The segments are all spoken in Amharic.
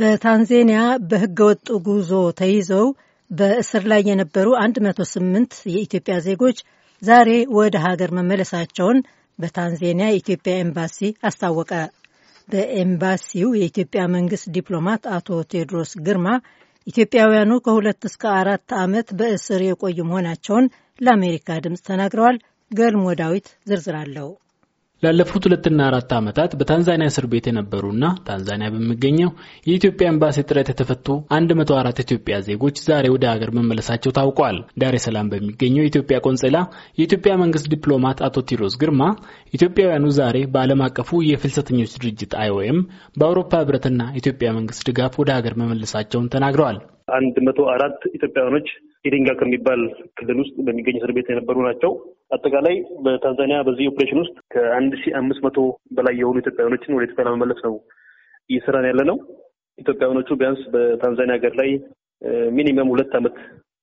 በታንዜኒያ በህገወጥ ጉዞ ተይዘው በእስር ላይ የነበሩ 108 የኢትዮጵያ ዜጎች ዛሬ ወደ ሀገር መመለሳቸውን በታንዜኒያ የኢትዮጵያ ኤምባሲ አስታወቀ። በኤምባሲው የኢትዮጵያ መንግስት ዲፕሎማት አቶ ቴዎድሮስ ግርማ ኢትዮጵያውያኑ ከሁለት እስከ አራት ዓመት በእስር የቆዩ መሆናቸውን ለአሜሪካ ድምፅ ተናግረዋል። ገልሞ ዳዊት ዝርዝር አለው። ላለፉት ሁለትና አራት ዓመታት በታንዛኒያ እስር ቤት የነበሩና ታንዛኒያ በሚገኘው የኢትዮጵያ ኤምባሲ ጥረት የተፈቱ 104 ኢትዮጵያ ዜጎች ዛሬ ወደ ሀገር መመለሳቸው ታውቋል። ዳሬ ሰላም በሚገኘው የኢትዮጵያ ቆንጽላ የኢትዮጵያ መንግስት ዲፕሎማት አቶ ቲሮስ ግርማ ኢትዮጵያውያኑ ዛሬ በዓለም አቀፉ የፍልሰተኞች ድርጅት አይኦኤም በአውሮፓ ህብረትና ኢትዮጵያ መንግስት ድጋፍ ወደ ሀገር መመለሳቸውን ተናግረዋል። አንድ መቶ አራት ኢትዮጵያውያኖች ኢሪንጋ ከሚባል ክልል ውስጥ በሚገኝ እስር ቤት የነበሩ ናቸው። አጠቃላይ በታንዛኒያ በዚህ ኦፕሬሽን ውስጥ ከአንድ ሺ አምስት መቶ በላይ የሆኑ ኢትዮጵያውያኖችን ወደ ኢትዮጵያ ለመመለስ ነው እየሰራን ያለ ነው። ኢትዮጵያውያኖቹ ቢያንስ በታንዛኒያ ሀገር ላይ ሚኒመም ሁለት ዓመት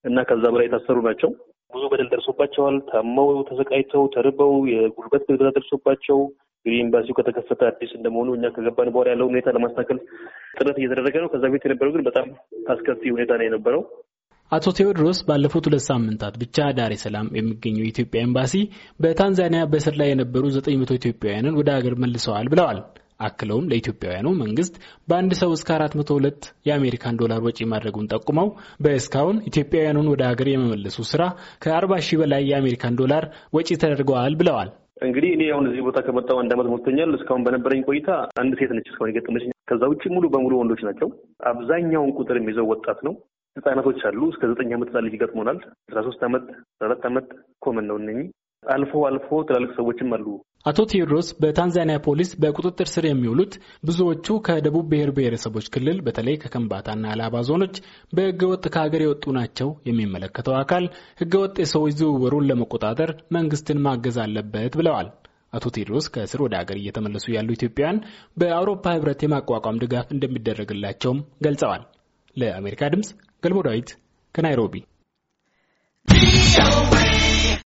እና ከዛ በላይ የታሰሩ ናቸው። ብዙ በደል ደርሶባቸዋል። ታመው፣ ተሰቃይተው፣ ተርበው የጉልበት ብዝበዛ ደርሶባቸው እንግዲህ ኤምባሲው ከተከፈተ አዲስ እንደመሆኑ እኛ ከገባን በኋላ ያለውን ሁኔታ ለማስተካከል ጥረት እየተደረገ ነው። ከዛ ቤት የነበረው ግን በጣም አስከፊ ሁኔታ ነው የነበረው። አቶ ቴዎድሮስ ባለፉት ሁለት ሳምንታት ብቻ ዳሬ ሰላም የሚገኘው የኢትዮጵያ ኤምባሲ በታንዛኒያ በእስር ላይ የነበሩ 900 ኢትዮጵያውያንን ወደ ሀገር መልሰዋል ብለዋል። አክለውም ለኢትዮጵያውያኑ መንግስት በአንድ ሰው እስከ 402 የአሜሪካን ዶላር ወጪ ማድረጉን ጠቁመው በእስካሁን ኢትዮጵያውያኑን ወደ ሀገር የመመለሱ ስራ ከ40 ሺህ በላይ የአሜሪካን ዶላር ወጪ ተደርገዋል ብለዋል። እንግዲህ እኔ አሁን እዚህ ቦታ ከመጣሁ አንድ አመት ሞልቶኛል። እስካሁን በነበረኝ ቆይታ አንድ ሴት ነች እስካሁን የገጠመች። ከዛ ውጭ ሙሉ በሙሉ ወንዶች ናቸው። አብዛኛውን ቁጥር የሚይዘው ወጣት ነው። ህጻናቶች አሉ። እስከ ዘጠኝ ዓመት ህጻን ልጅ ይገጥሞናል። አስራ ሶስት ዓመት አስራ አራት ዓመት ኮመን ነው እነኚህ አልፎ አልፎ ትላልቅ ሰዎችም አሉ። አቶ ቴዎድሮስ በታንዛኒያ ፖሊስ በቁጥጥር ስር የሚውሉት ብዙዎቹ ከደቡብ ብሔር ብሔረሰቦች ክልል በተለይ ከከምባታና አላባ ዞኖች በህገወጥ ከሀገር የወጡ ናቸው። የሚመለከተው አካል ህገወጥ የሰዎች ዝውውሩን ለመቆጣጠር መንግስትን ማገዝ አለበት ብለዋል። አቶ ቴዎድሮስ ከእስር ወደ ሀገር እየተመለሱ ያሉ ኢትዮጵያውያን በአውሮፓ ህብረት የማቋቋም ድጋፍ እንደሚደረግላቸውም ገልጸዋል። ለአሜሪካ ድምፅ ገልሞ ዳዊት ከናይሮቢ